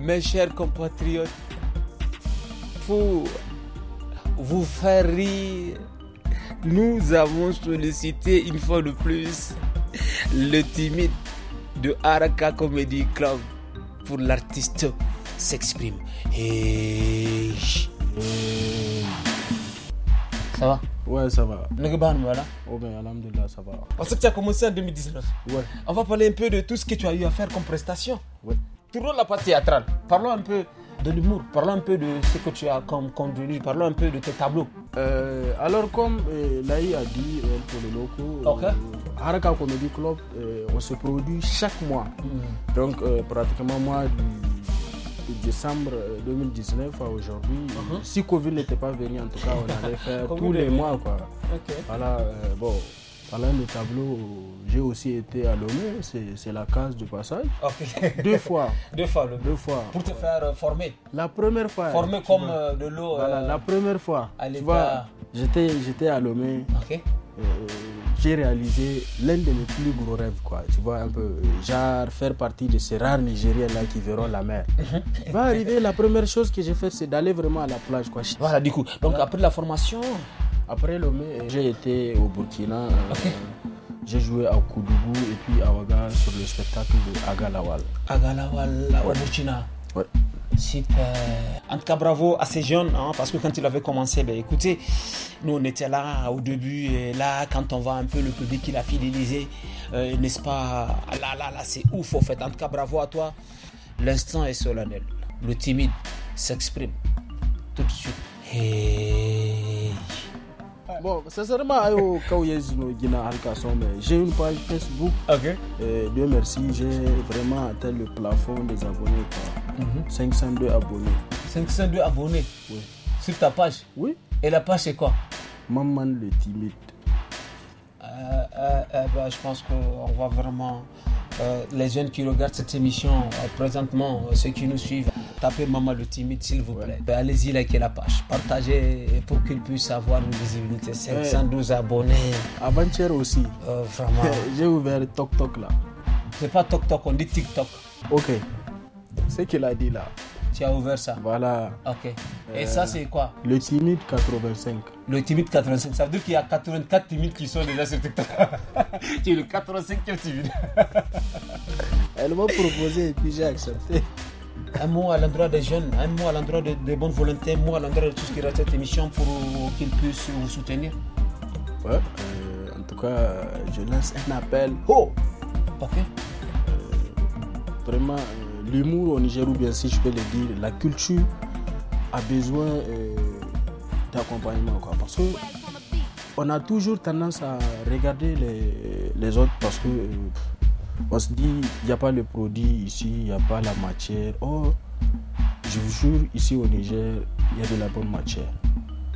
mes chers compatriotes, pour vous faire rire, nous avons sollicité une fois de plus le timide de Araka Comedy Club pour l'artiste s'exprime. Ça va Ouais, ça va. voilà. Oh ben, ça va. Parce que tu as commencé en 2019. Ouais. On va parler un peu de tout ce que tu as eu à faire comme prestation. Ouais la partie théâtrale. Parlons un peu de l'humour. Parlons un peu de ce que tu as comme contenu. Parlons un peu de tes tableaux. Euh, alors, comme euh, a dit euh, pour les locaux, euh, Haraka Comedy Club, on se produit chaque mois. Mm. Donc, pratiquement, moi, du, décembre 2019 à aujourd'hui, uh-huh. si Covid n'était pas venu, en tout cas, on allait faire tous les mois. Quoi. Voilà, bon. Voilà le tableau, j'ai aussi été à Lomé, c'est la case du passage. Deux fois. deux fois, le... Deux fois. Pour te faire euh, former. La première fois. Former comme euh, de l'eau. Euh, la première fois. tu vois, j'étais à Lomé. j'ai réalisé l'un de mes plus gros rêves, quoi. Tu vois, un peu, genre, faire partie de ces rares Nigériens-là qui verront la mer. Mhm. Va arriver, la première chose que j'ai fait, c'est d'aller vraiment à la plage, quoi. Voilà, du coup. Donc, après la formation, après mai, euh, j'ai été au Burkina. Euh, j'ai joué à Koudougou et puis à Ouaga sur le spectacle de Agalawal. Agalawal, au Burkina. Ouais. Super. En tout cas, bravo à ces jeunes, hein, parce que quand il avait commencé, ben, écoutez, nous on était là au début, et là, quand on voit un peu le public qu'il a fidélisé, euh, n'est-ce pas Là, là, là, c'est ouf, en fait. En tout cas, bravo à toi. L'instant est solennel. Le timide s'exprime tout de suite. Et Bon, sincèrement, j'ai une page Facebook. Dieu merci, j'ai vraiment atteint le plafond des abonnés. 502 mhm. abonnés. 502 abonnés Oui. Sur ta page Oui. Et la page, c'est quoi Maman le timide. Euh, euh, euh, bah, je pense qu'on voit vraiment. les jeunes qui regardent cette émission présentement, ceux qui nous suivent, tapez Maman le timide, s'il vous plaît. Ben, allez-y, likez la page, partagez pour qu'il puisse avoir une visibilité. 512 abonnés. avant aussi. Euh, vraiment. J'ai ouvert Tok là. C'est pas Tok, on dit TikTok. Ok. c'est qu'il a dit là. Tu as ouvert ça. Voilà. Ok. Et euh, ça, c'est quoi Le timide 85. Le timide 85, ça veut dire qu'il y a 84 timides qui sont déjà sur TikTok. tu le 85e timide. Elle m'a proposé et puis j'ai accepté un mot à l'endroit des jeunes, un mot à l'endroit des, bonnes volontés, un mot à l'endroit de tout ce qui reste cette émission pour qu'ils puissent vous soutenir Ouais, euh, en tout cas, euh, je lance un appel. Oh Parfait. Euh, vraiment, l'humour au Niger, ou bien si je peux le dire, la culture a besoin d'accompagnement. Parce que on a toujours tendance à regarder les autres parce que on se dit, il n'y a pas le produit ici, il n'y a pas la matière. Oh, je vous jure, ici au Niger, il y a de la bonne matière.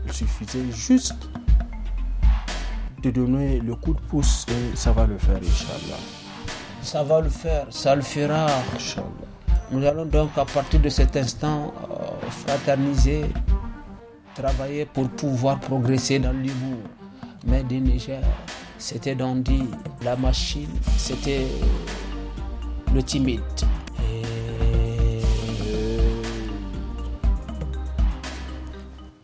Il suffisait juste de donner le coup de pouce et ça va le faire, Inch'Allah. Ça va le faire, ça le fera. Inch'Allah. Nous allons donc à partir de cet instant euh, fraterniser, travailler pour pouvoir progresser dans l'humour. Mais des Niger, c'était Dandy, la machine, c'était le timide.